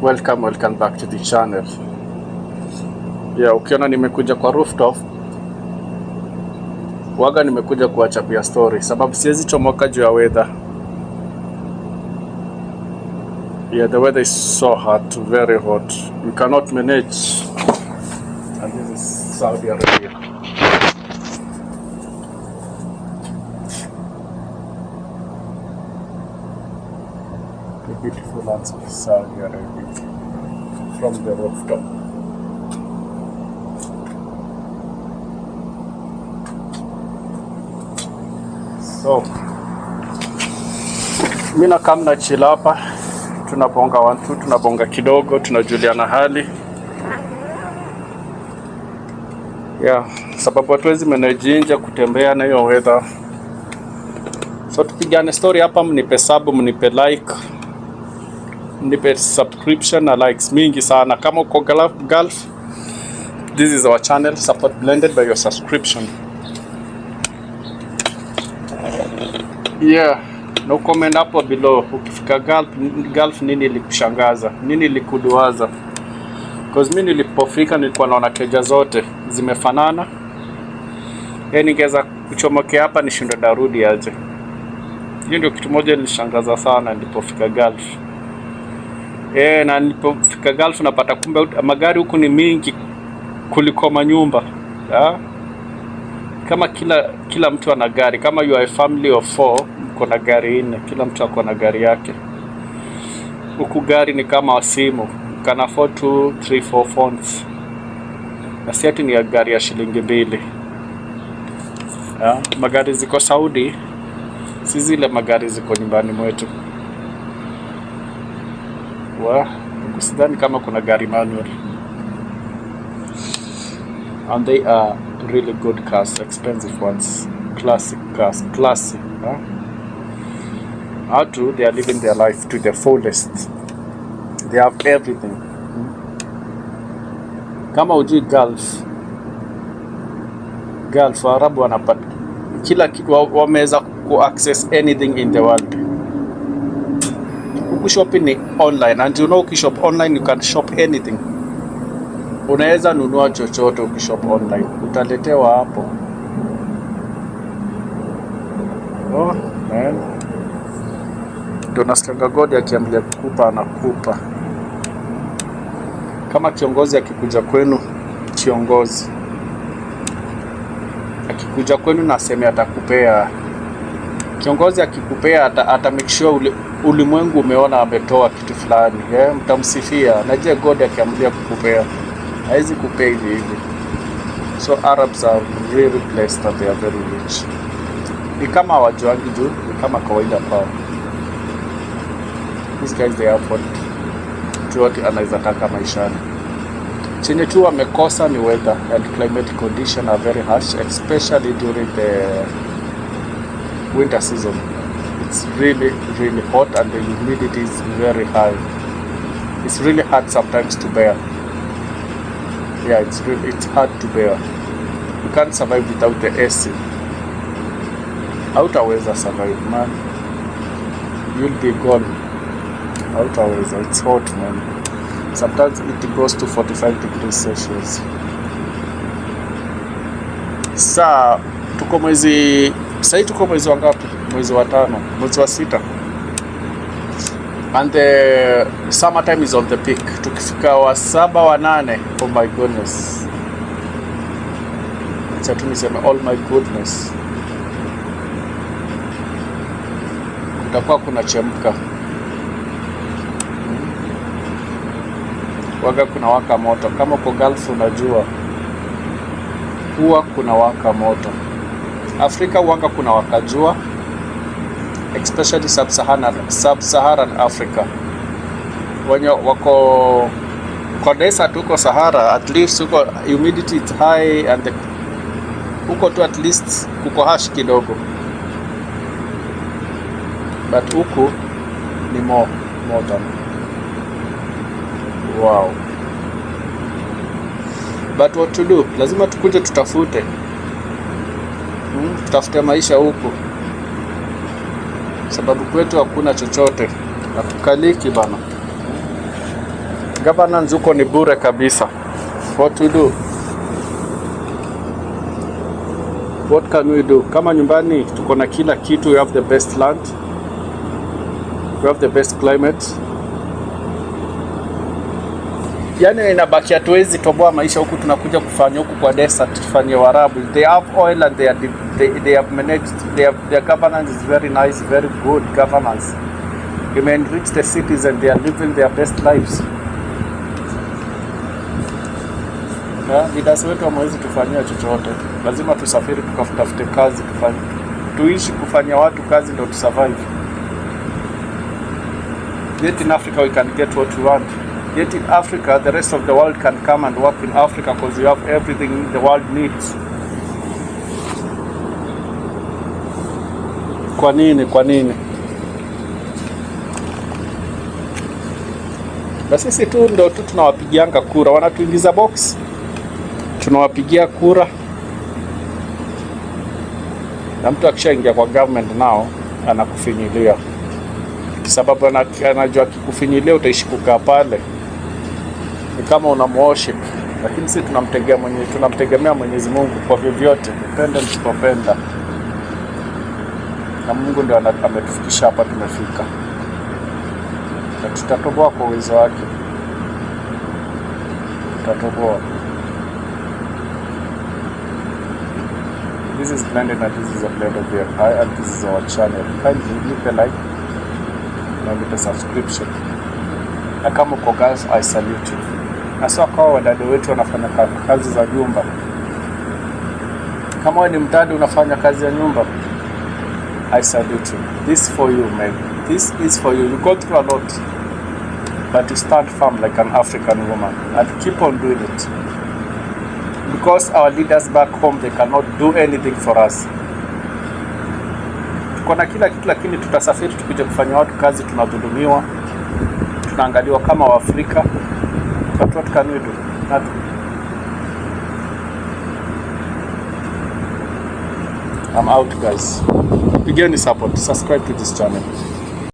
Welcome, welcome back to the channel. Yeah, ukiona nimekuja kwa rooftop waga, nimekuja kuwachapia story sababu siwezi chomoka juu ya weather. Yeah, the weather is so hot, very hot. We cannot manage. And this is Saudi Arabia. the beautiful lands of Saudi Arabia from the rooftop. So mimi na kama hapa, tunabonga wantu, tunabonga kidogo, tunajuliana hali yeah, sababu hatuwezi manage nje kutembea na hiyo weather. So tupigane story hapa, mnipe sub, mnipe like nipe subscription na likes mingi sana. Kama uko Gulf, this is our channel support blended by your subscription. Yeah, no comment hapo below. Ukifika Gulf, Gulf nini likushangaza? Nini likuduaza? Because mimi nilipofika nilikuwa naona keja zote zimefanana. Yaani eh, ningeza kuchomokea hapa nishindwe darudi aje. Hiyo ndio kitu moja nilishangaza sana nilipofika Gulf e, na nilipofika Gulf napata kumbe magari huku ni mingi kuliko manyumba ya? Kama kila kila mtu ana gari, kama you are a family of four, mko na gari nne, kila mtu ako na gari yake. Huku gari ni kama simu, kana afford two, three, four phones, na si ati ni ya gari ya shilingi mbili. ya? Magari ziko Saudi, si zile magari ziko nyumbani mwetu wa sidhani kama kuna gari manual and they are really good cars, expensive ones, classic cars, classic huh? atu they are living their life to the fullest, they have everything hmm? kama ujui girls Gulf Waarabu wanapata kila kitu, wameweza ku access anything in the world ni online and you know, ukishop online you can shop anything. Unaweza nunua chochote ukishop online, utaletewa hapo. Oh, ndio nasikianga God akiambia kukupa anakupa. Kama kiongozi akikuja kwenu, kiongozi akikuja kwenu, naseme atakupea kiongozi akikupea ata, ata make sure ule ulimwengu umeona ametoa kitu fulani eh, mtamsifia. Na je, God akiamlia kukupea hawezi kupea hivi hivi. So Arabs are really blessed that they are very rich. Ni kama wajuangi juu ni kama kawaida kwao. These guys they afford yote anaweza taka maishani. Chenye tu wamekosa ni weather and climate condition are very harsh especially during the winter season. It's really, really hot and the humidity is very high. It's really hard sometimes to bear. Yeah, it's really, it's hard to bear. You can't survive without the AC. Hautaweza survive, man. You'll be gone. Hautaweza. It's hot, man. Sometimes it goes to 45 degrees Celsius. sa tuko mwezi, sahii tuko mwezi wangapi? mwezi wa tano, mwezi wa sita and the summer time is on the peak. Tukifika wa saba wa nane, oh my goodness, acha tu niseme oh my goodness, kutakuwa kuna chemka hmm. waga, kuna waka moto. Kama uko Gulf unajua huwa kuna waka moto Afrika, waga kuna wakajua especially sub-Saharan, sub-Saharan Africa wenye wako kwa desert huko Sahara, at least huko humidity is high and the, huko tu at least kuko hash kidogo, but huku ni more modern. Wow, but what to do, lazima tukuje tutafute, hmm, tutafute maisha huku sababu kwetu hakuna chochote, hatukaliki bana. Governance huko ni bure kabisa. What to do? What can we do? Kama nyumbani tuko na kila kitu, we have the best land, we have the best climate yani inabaki, hatuwezi toboa maisha huku, tunakuja kufanya huku kwa desert, tufanye warabu They have oil and they are, they, they have managed, they have, their governance is very nice, very good governance. They may enrich the cities and they are living their best lives. Leaders wetu hamwezi tufanyia chochote, lazima tusafiri tukafutafute kazi tufanye, tuishi kufanyia watu kazi ndio tusurvive. Yet in Africa we can get what we want. Yet in Africa, the rest of the world can come and work in Africa because you have everything the world needs. Kwa nini? Kwa nini? Na sisi tu ndo tu tunawapigianga kura, wanatuingiza box, tunawapigia kura, na mtu akishaingia kwa government nao anakufinyilia, sababu anajua akikufinyilia utaishi kukaa pale kama una worship, lakini sisi tunamtegemea mwenye, tunamtegemea Mwenyezi Mungu kwa vyovyote, tupende msipopenda, na Mungu ndio ametufikisha hapa tumefika, na tutatoboa kwa uwezo wake, tutatoboa. This is Blended and this is a blend of your eye and this is our channel. Kindly a like and na a subscription, na kama uko guys, I salute you hasa kwa wadada wetu wanafanya kazi za nyumba. Kama wewe ni mdada unafanya kazi ya nyumba, I salute you. This for you man. This is for you. You go through a lot, but you stand firm like an African woman and keep on doing it because our leaders back home they cannot do anything for us. Tuko na kila kitu, lakini tutasafiri tukija kufanya watu kazi, tunadhulumiwa, tunaangaliwa kama Waafrika do tukanudu I'm out guys. Pigeni support. Subscribe to this channel.